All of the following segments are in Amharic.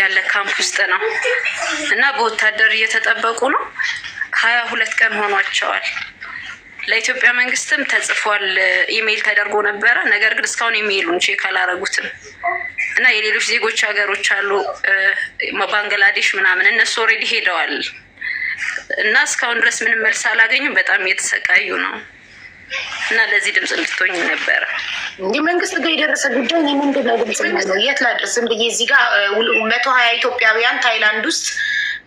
ያለ ካምፕ ውስጥ ነው እና በወታደር እየተጠበቁ ነው። ሀያ ሁለት ቀን ሆኗቸዋል። ለኢትዮጵያ መንግስትም ተጽፏል፣ ኢሜይል ተደርጎ ነበረ። ነገር ግን እስካሁን ኢሜይሉን ቼክ አላረጉትም እና የሌሎች ዜጎች ሀገሮች አሉ፣ ባንግላዴሽ ምናምን፣ እነሱ ኦልሬዲ ሄደዋል እና እስካሁን ድረስ ምንም መልስ አላገኙም። በጣም እየተሰቃዩ ነው። እና ለዚህ ድምፅ እንድትሆኝ ነበረ እንደ መንግስት ጋር የደረሰ ጉዳይ የምንድን ነው ድምፅ ነው የት ላድርስ ብዬ እዚህ ጋር መቶ ሀያ ኢትዮጵያውያን ታይላንድ ውስጥ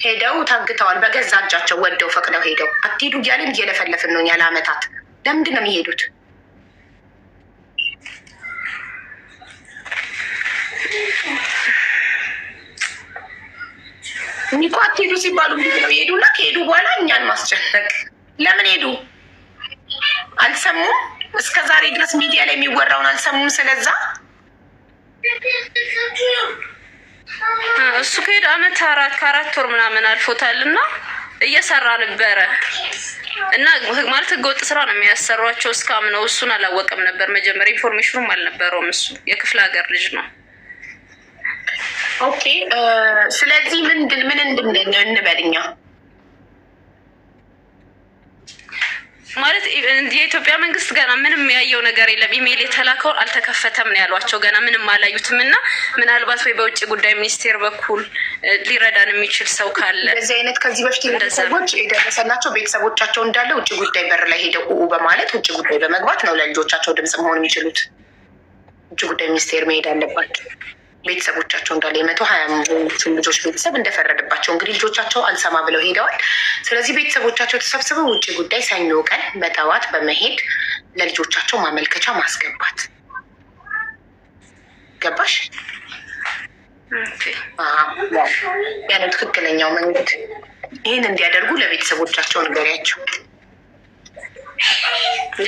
ሄደው ታግተዋል። በገዛ እጃቸው ወደው ፈቅደው ሄደው አትሄዱ እያለን እየለፈለፍን ነው ያለ አመታት። ለምንድን ነው የሚሄዱት? እኒኳ አትሄዱ ሲባሉ ነው የሄዱና ከሄዱ በኋላ እኛን ማስጨነቅ ለምን ሄዱ? አልሰሙም። እስከ ዛሬ ድረስ ሚዲያ ላይ የሚወራውን አልሰሙም። ስለዛ እሱ ከሄደ አመት አራት ከአራት ወር ምናምን አልፎታል እና እየሰራ ነበረ እና ማለት ህገወጥ ስራ ነው የሚያሰሯቸው። እስካም ነው እሱን አላወቀም ነበር መጀመሪያ፣ ኢንፎርሜሽኑም አልነበረውም። እሱ የክፍለ ሀገር ልጅ ነው። ኦኬ ስለዚህ ምንድን ምን እንድንለው ማለት የኢትዮጵያ መንግስት ገና ምንም ያየው ነገር የለም። ኢሜይል የተላከው አልተከፈተም ነው ያሏቸው። ገና ምንም አላዩትም። እና ምናልባት ወይ በውጭ ጉዳይ ሚኒስቴር በኩል ሊረዳን የሚችል ሰው ካለ በዚህ አይነት ከዚህ በፊት ሰዎች የደረሰላቸው ቤተሰቦቻቸው እንዳለ ውጭ ጉዳይ በር ላይ ሄደው ቁ በማለት ውጭ ጉዳይ በመግባት ነው ለልጆቻቸው ድምፅ መሆን የሚችሉት። ውጭ ጉዳይ ሚኒስቴር መሄድ አለባቸው። ቤተሰቦቻቸው እንዳለ የመቶ ሀያ ልጆች ቤተሰብ እንደፈረደባቸው እንግዲህ ልጆቻቸው አልሰማ ብለው ሄደዋል። ስለዚህ ቤተሰቦቻቸው ተሰብስበው ውጭ ጉዳይ ሰኞ ቀን በጠዋት በመሄድ ለልጆቻቸው ማመልከቻ ማስገባት ገባሽ? ያለው ትክክለኛው መንገድ ይህን እንዲያደርጉ ለቤተሰቦቻቸው ንገሪያቸው።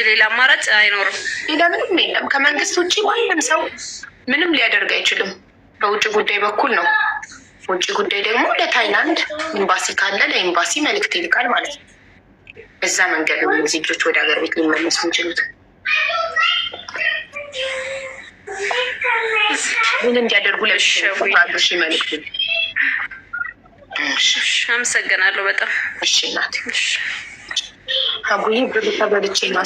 ሌላ አማራጭ አይኖርም። ሌላ ምንም የለም። ከመንግስት ውጭ ማንም ሰው ምንም ሊያደርግ አይችልም። በውጭ ጉዳይ በኩል ነው። ውጭ ጉዳይ ደግሞ ለታይላንድ ኤምባሲ ካለ ለኤምባሲ መልእክት ይልካል ማለት ነው። በዛ መንገድ ነው እነዚህ ልጆች ወደ ሀገር ቤት ሊመለሱ የሚችሉት። ምን እንዲያደርጉ ለሽ መልእክት አመሰግናለሁ በጣም እሺ። ናት አቡዬ ብር ተበልቼ ነው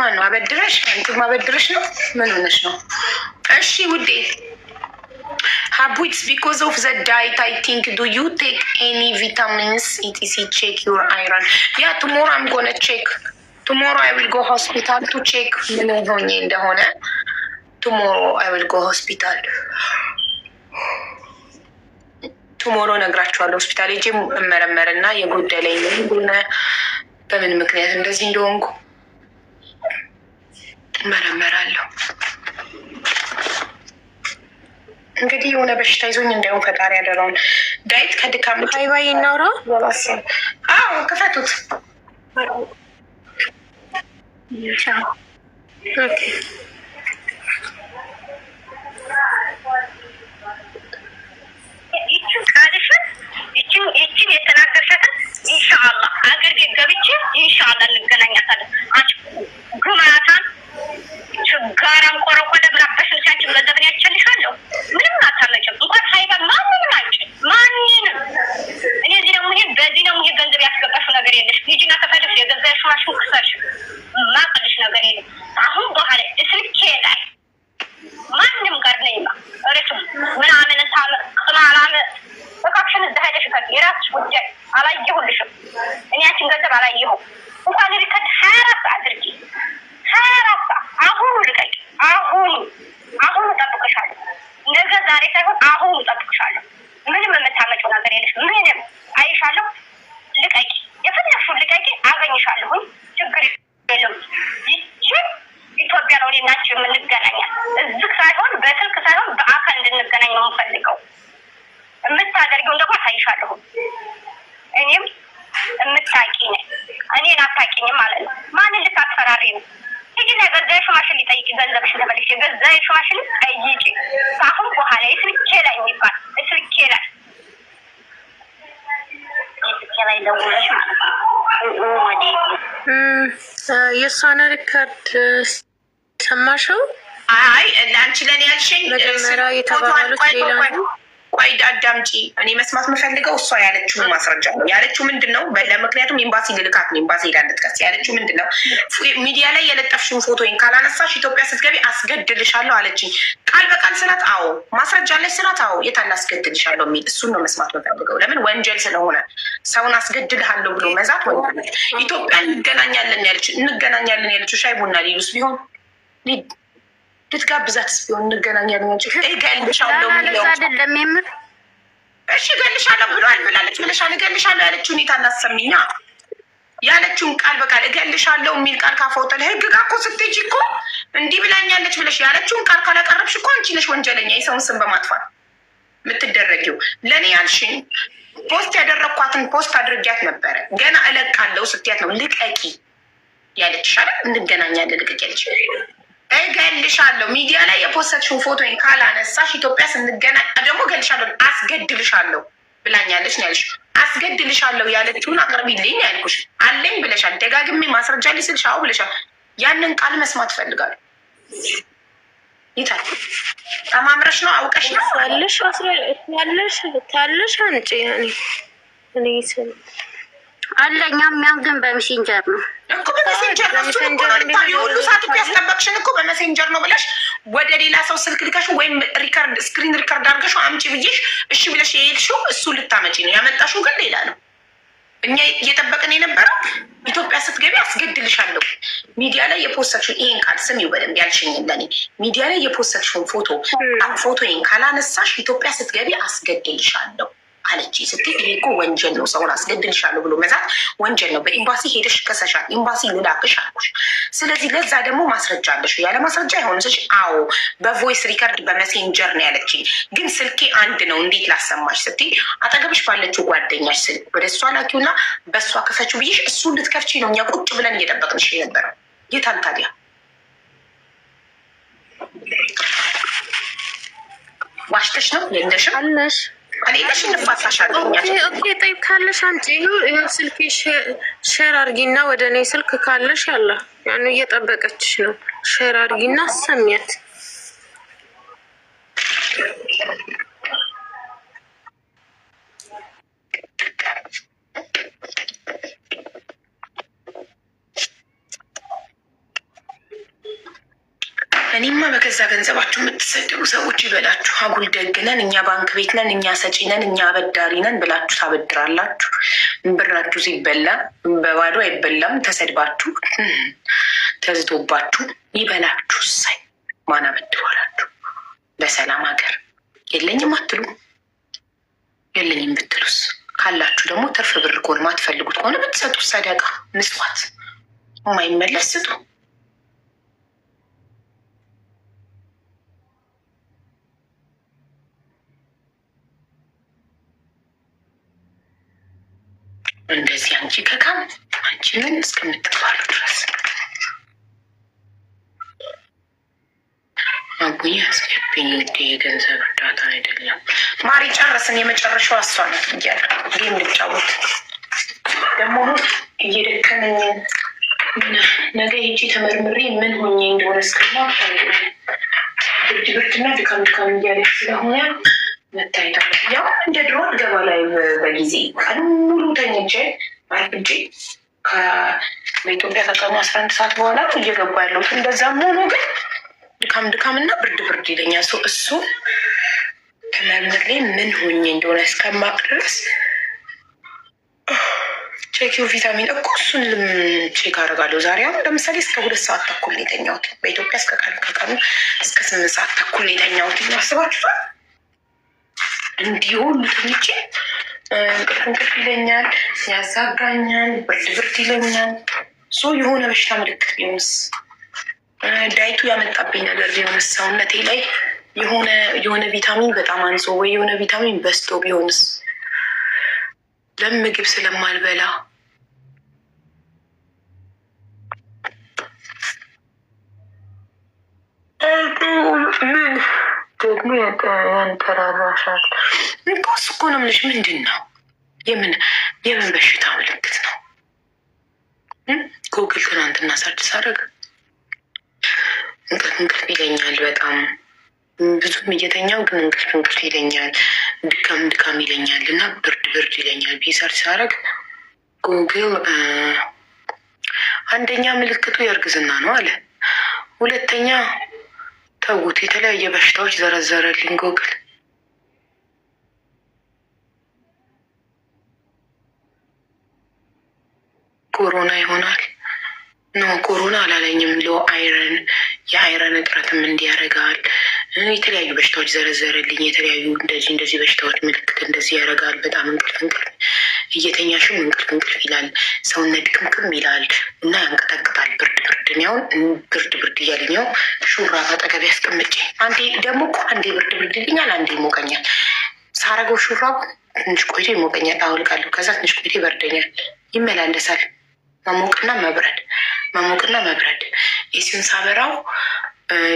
ማን ነው አበድረሽ? አንቺም አበድረሽ ነው? ምን ሆነሽ ነው? እሺ ውዴ ሀቡትስ ቢኮዝ ኦፍ ዘ ዳይት አይ ቲንክ ዱ ዩ ቴክ ኤኒ ቪታሚንስ ኢቲሲ ቼክ ዩር አይረን ያ ቱሞሮ አም ጎነ ቼክ ቱሞሮ አይ ዊል ጎ ሆስፒታል ቱ ቼክ ምን ሆኜ እንደሆነ ቱሞሮ አይ ዊል ጎ ሆስፒታል ቱሞሮ ነግራችኋለሁ። ሆስፒታል ሄጄ እመረመርና የጎደለኝ ምን በምን ምክንያት እንደዚህ እንደሆንኩ እመረመራለሁ። እንግዲህ የሆነ በሽታ ይዞኝ እንዳይሆን ፈጣሪ ያደረውን ዳይት ከድካም ባይ እናውራ። አዎ ክፈቱት። ይችን ኢንሻአላ አገር ቤት ገብቼ ኢንሻአላ እንገናኛታለን። አንቺ ጉማታን ችጋራም ቆረቆለ ብላ በስልቻችን ገንዘብን አለው ምንም አታመጭም። እንኳን ሀይባ ማንንም አልችል ማን ራይሽዋሽን ጠይቂ። ከአሁን በኋላ የስልኬ ላይ የሚባል ስልኬ ላይ የእሷን ሪከርድ ሰማሽው? አይ ለአንቺ ለኔ ያልሽኝ መጀመሪያ የተባሉት ሌላ ነው። ቆይ አዳምጪ። እኔ መስማት መፈልገው እሷ ያለችውን ማስረጃ ነው። ያለችው ምንድን ነው? ለምክንያቱም ኤምባሲ ልልካት ነው። ኤምባሲ ሄዳ እንድትከስ ያለችው ምንድን ነው? ሚዲያ ላይ ፎቶ ወይም ካላነሳሽ ኢትዮጵያ ስትገቢ አስገድልሻለሁ አለችኝ። ቃል በቃል ስላት፣ አዎ ማስረጃ ላይ ስላት፣ አዎ የታለ አስገድልሻለሁ የሚል እሱን ነው መስማት መፈልገው። ለምን ወንጀል ስለሆነ ሰውን አስገድልሃለሁ ብሎ መዛት ወንጀል። ኢትዮጵያ እንገናኛለን ያለች እንገናኛለን ያለችው ሻይ ቡና ሊሉስ ቢሆን ልትጋብዛትስ ቢሆን እንገናኛለን እንጂ እገልሻለሁ አይደለም የምልህ። እሺ እገልሻለሁ ብሏል ብላለች ብለሻል። እገልሻለሁ ያለችው ሁኔታ እናሰሚኛ ያለችውን ቃል በቃል እገልሻለሁ የሚል ቃል ካፈወጠል ህግ ጋር እኮ ስትሄጂ እኮ እንዲህ ብላኛለች ብለሽ ያለችውን ቃል ካላቀረብሽ እኮ አንቺ ነሽ ወንጀለኛ የሰውን ስም በማጥፋት የምትደረጊው። ለእኔ ያልሽኝ ፖስት ያደረግኳትን ፖስት አድርጊያት ነበረ ገና እለቃለው ስትያት ነው ልቀቂ ያለችሽ አይደል? እንገናኛለን ልቀቂ ያለች እገልሻለሁ። ሚዲያ ላይ የፖሰትሽውን ፎቶን ካላነሳሽ ኢትዮጵያ ስንገናኝ ደግሞ እገልሻለሁ፣ አስገድልሻለሁ ብላኛለች ነው ያልሽ። አስገድልሻለሁ ያለችውን አቅርቢልኝ ያልኩሽ አለኝ ብለሻል። ደጋግሜ ማስረጃ ሊስልሽ አዎ ብለሻል። ያንን ቃል መስማት እፈልጋለሁ። ይታል ተማምረሽ ነው አውቀሽ ነው ያለሽ ታለሽ አንጭ ያኔ እኔ ስል አለ። እኛም ያን ግን በሜሴንጀር ነው እኮ ነው ሁሉ ሰዓት እኮ ያስጠበቅሽን እኮ ነው ብለሽ ወደ ሌላ ሰው ስልክ ልከሽ ወይም ሪከርድ ስክሪን ሪከርድ አድርገሽው አምጪ ብዬሽ እሺ ብለሽ የሄድሽው እሱ ልታመጪ ነው። ያመጣሽው ግን ሌላ ነው። እኛ እየጠበቅን የነበረው ኢትዮጵያ ስትገቢ አስገድልሻለሁ ሚዲያ ላይ የፖሰትሽን ይሄን ቃል ስሚው በደንብ ለኔ ሚዲያ ላይ ፎቶ ካላነሳሽ ኢትዮጵያ ስትገቢ አስገድልሻለሁ አለች ስትል ይሄ እኮ ወንጀል ነው። ሰውን አስገድልሻለሁ ብሎ መዛት ወንጀል ነው። በኤምባሲ ሄደሽ ከሰሻል፣ ኤምባሲ ልላክሽ አልኩሽ። ስለዚህ ለዛ ደግሞ ማስረጃ አለሽ። ያለ ማስረጃ አይሆንም ስልሽ፣ አዎ በቮይስ ሪከርድ በመሴንጀር ነው ያለችኝ፣ ግን ስልኬ አንድ ነው እንዴት ላሰማሽ ስትይ አጠገብሽ ባለችው ጓደኛሽ ስልክ ወደ እሷ ላኪውና በእሷ ክፈችው ብዬሽ እሱ እንድትከፍቺ ነው እኛ ቁጭ ብለን እየጠበቅንሽ የነበረው። የታን ታዲያ ዋሽተሽ ነው የለሽም አለሽ ከሌለሽ ጠይብ ካለሽ አንቺ ይኸው ስልክ ሼር ወደ እኔ ስልክ ካለሽ ያለ ያን እየጠበቀችሽ ነው። ሼር አድርጊና አሰሚያት እኔማ በገዛ ገንዘባችሁ የምትሰደሩ ሰዎች ይበላችሁ። አጉል ደግነን እኛ ባንክ ቤት ነን፣ እኛ ሰጪ ነን፣ እኛ አበዳሪ ነን ብላችሁ ታበድራላችሁ። ብራችሁ ሲበላ በባዶ አይበላም። ተሰድባችሁ ተዝቶባችሁ ይበላችሁ። ሳይ ማን አበድሯላችሁ? በሰላም ሀገር የለኝም አትሉ። የለኝም ብትሉስ ካላችሁ ደግሞ ትርፍ ብር ከሆነ ማትፈልጉት ከሆነ ብትሰጡ ሰደቃ፣ ምጽዋት የማይመለስ ስጡ። እንደዚህ አንቺ ከካም አንቺ ግን እስከምትባሉ ድረስ አቡዬ አስገብኝ ውዴ፣ የገንዘብ እርዳታ አይደለም። ማሪ ጨረስን። የመጨረሻው እሷ ናት እያለ ጌም ልጫወት ደግሞ እየደከመኝ ነገ ሄጄ ተመርምሬ ምን ሆኜ እንደሆነ እስከማ ብርድ ብርድና ድካም ድካም እያለ ስለሆነ መታየት ያው እንደ ድሮ አልገባ ላይ በጊዜ ቀን ሙሉ ተኝቼ አርፍጄ በኢትዮጵያ ከቀኑ አስራ አንድ ሰዓት በኋላ እየገባ ያለሁት። እንደዛም ሆኖ ግን ድካም ድካም እና ብርድ ብርድ ይለኛል። ሰው እሱ ከመምር ላይ ምን ሆኜ እንደሆነ እስከማቅ ድረስ ቼኪው ቪታሚን እኮ እሱን ልም ቼክ አደርጋለሁ። ዛሬ አሁን ለምሳሌ እስከ ሁለት ሰዓት ተኩል የተኛሁት በኢትዮጵያ እስከ ቀኑ ከቀኑ እስከ ስምንት ሰዓት ተኩል የተኛሁት አስባችኋል። እንዲሆን ምትንች እንቅልፍ እንቅልፍ ይለኛል፣ ያዛጋኛል፣ ብርድ ብርድ ይለኛል። ሶ የሆነ በሽታ ምልክት ቢሆንስ ዳይቱ ያመጣብኝ ነገር ቢሆንስ ሰውነቴ ላይ የሆነ የሆነ ቪታሚን በጣም አንሶ ወይ የሆነ ቪታሚን በስቶ ቢሆንስ ለምግብ ስለማልበላ ያሉ ያንጠራሩ አሻት እኮ ነው የምልሽ። ምንድን ነው የምን የምን በሽታ ምልክት ነው? ጉግል ትናንትና ሰርች ሳደርግ እንቅልፍ እንቅልፍ ይለኛል በጣም ብዙም እየተኛው ግን እንቅልፍ እንቅልፍ ይለኛል፣ ድካም ድካም ይለኛል እና ብርድ ብርድ ይለኛል። ቢሰር ሲያደርግ ጉግል አንደኛ ምልክቱ የእርግዝና ነው አለ። ሁለተኛ ተዉት። የተለያየ በሽታዎች ዘረዘረልኝ ጎግል። ኮሮና ይሆናል። ኖ ኮሮና አላለኝም። ሎ አይረን የአይረን እጥረትም እንዲያረጋል። የተለያዩ በሽታዎች ዘረዘረልኝ። የተለያዩ እንደዚህ እንደዚህ በሽታዎች ምልክት እንደዚህ ያረጋል። በጣም እንቅልፍ እንቅልፍ እየተኛሽም እንቅልፍ እንቅልፍ ይላል፣ ሰውነት ቅምቅም ይላል እና ያንቀጠቅጣል። ብርድ ብርድ ያውን ብርድ ብርድ እያልኛው ሹራ ሹራብ አጠገቤ ያስቀምጬ አንዴ ደግሞ እኮ አንዴ ብርድ ብርድ ይልኛል፣ አንዴ ይሞቀኛል። ሳረገው ሹራ ትንሽ ቆይቶ ይሞቀኛል፣ አውልቃለሁ። ከዛ ትንሽ ቆይቶ ይበርደኛል፣ ይመላለሳል። መሞቅና መብረድ መሞቅና መብረድ የሲሆን ሳበራው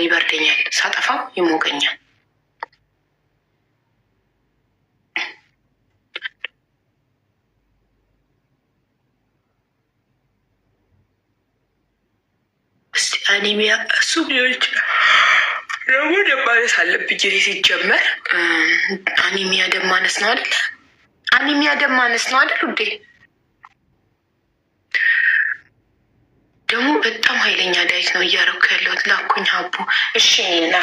ይበርደኛል፣ ሳጠፋው ይሞቀኛል። አኒሚያ እሱ ሊሆን ደግሞ ደማነስ ማነስ አለብኝ እኔ ሲጀመር አኒሚያ ደማነስ ነው አይደል? አኒሚያ ደማነስ ነው አይደል? ውዴ ደግሞ በጣም ኃይለኛ ዳይት ነው እያረኩ ያለሁት። ላኩኝ ሀቡ እሺ ና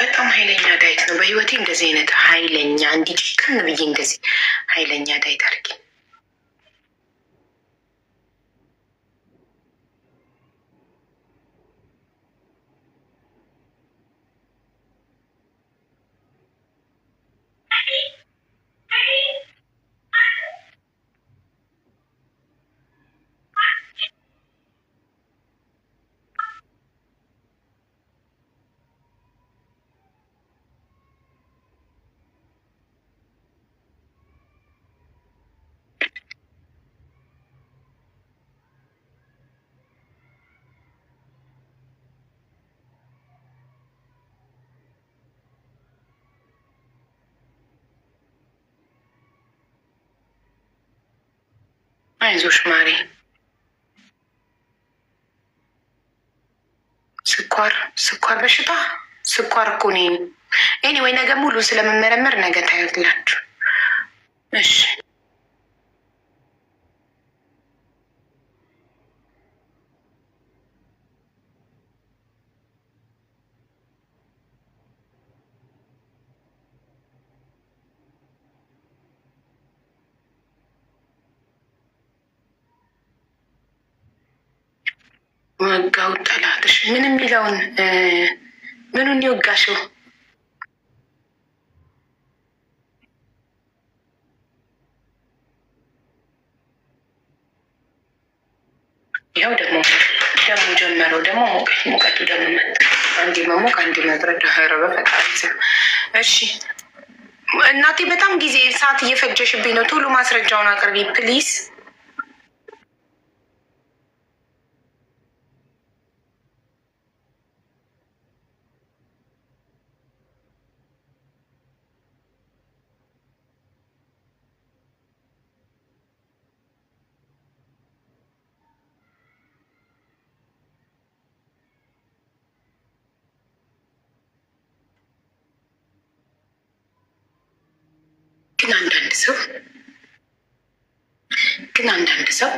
በጣም ኃይለኛ ዳይት ነው። በህይወቴ እንደዚህ አይነት ኃይለኛ እንዲጭቅን ብዬ እንደዚህ ኃይለኛ ዳይት አድርጌ አይዞሽ ማሬ። ስኳር ስኳር በሽታ ስኳር እኮ እኔ ኤኒዌይ፣ ነገ ሙሉ ስለምመረመር ነገ ታዩትላችሁ። እሺ ወጋው ጠላትሽ ምን የሚለውን ምኑን የወጋሽው? ያው ደግሞ ደግሞ ጀመረው ደግሞ ሙቀቱ ደግሞ መጣ። አንዴ መሞቅ አንዴ መጥረድ ረበ ፈጣሪ። እሺ እናቴ በጣም ጊዜ ሰዓት እየፈጀሽብኝ ነው። ቶሎ ማስረጃውን አቅርቢ ፕሊስ። ሰው ግን አንዳንድ ሰው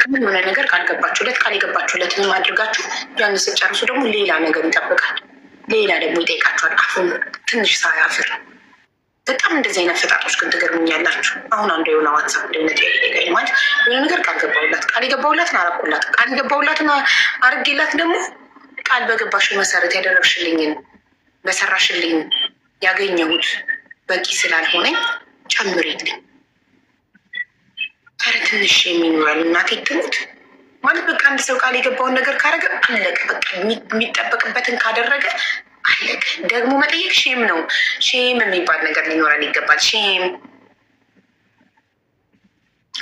ከምን ሆነ ነገር ቃል ገባችሁለት ቃል የገባችሁለትንም አድርጋችሁ ያን ስጨርሱ ደግሞ ሌላ ነገር ይጠብቃል። ሌላ ደግሞ ይጠይቃችኋል። አፉን ትንሽ ሳያፍር በጣም እንደዚህ አይነት ፍጣጦች ግን ትገርሙኛላችሁ። አሁን አንዱ የሆነ ዋትሳፕ እንደነት ማለት የሆነ ነገር ቃል ገባሁላት ቃል የገባሁላትን አረኩላት ቃል የገባሁላትን አርጌላት ደግሞ ቃል በገባሽ መሰረት ያደረግሽልኝን በሰራሽልኝ ያገኘሁት በቂ ስላልሆነኝ ጨምሬልኝ ኧረ ትንሽ የሚኖራል እናቴ ትሙት ማለት በቃ አንድ ሰው ቃል የገባውን ነገር ካረገ አለቀ። በቃ የሚጠበቅበትን ካደረገ አለቀ። ደግሞ መጠየቅ ሼም ነው። ሼም የሚባል ነገር ሊኖረን ይገባል። ሼም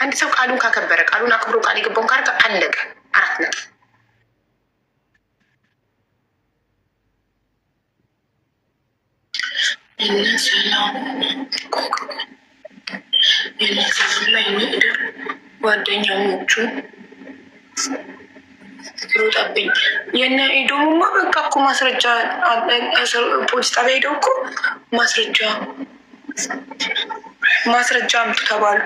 አንድ ሰው ቃሉን ካከበረ ቃሉን አክብሮ ቃል የገባውን ካረገ አለቀ። አራት ነጥብ የነሰላ ሮጠብኝ። የነ ኢዶሙማ በቃ እኮ ማስረጃ ፖሊስ ጣቢያ ሄደው እኮ ማስረጃ ማስረጃ አምጡ ተባሉ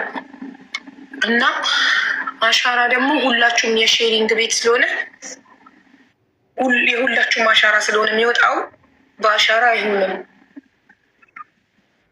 እና አሻራ ደግሞ ሁላችሁም የሼሪንግ ቤት ስለሆነ የሁላችሁም አሻራ ስለሆነ የሚወጣው በአሻራ አይሆንም።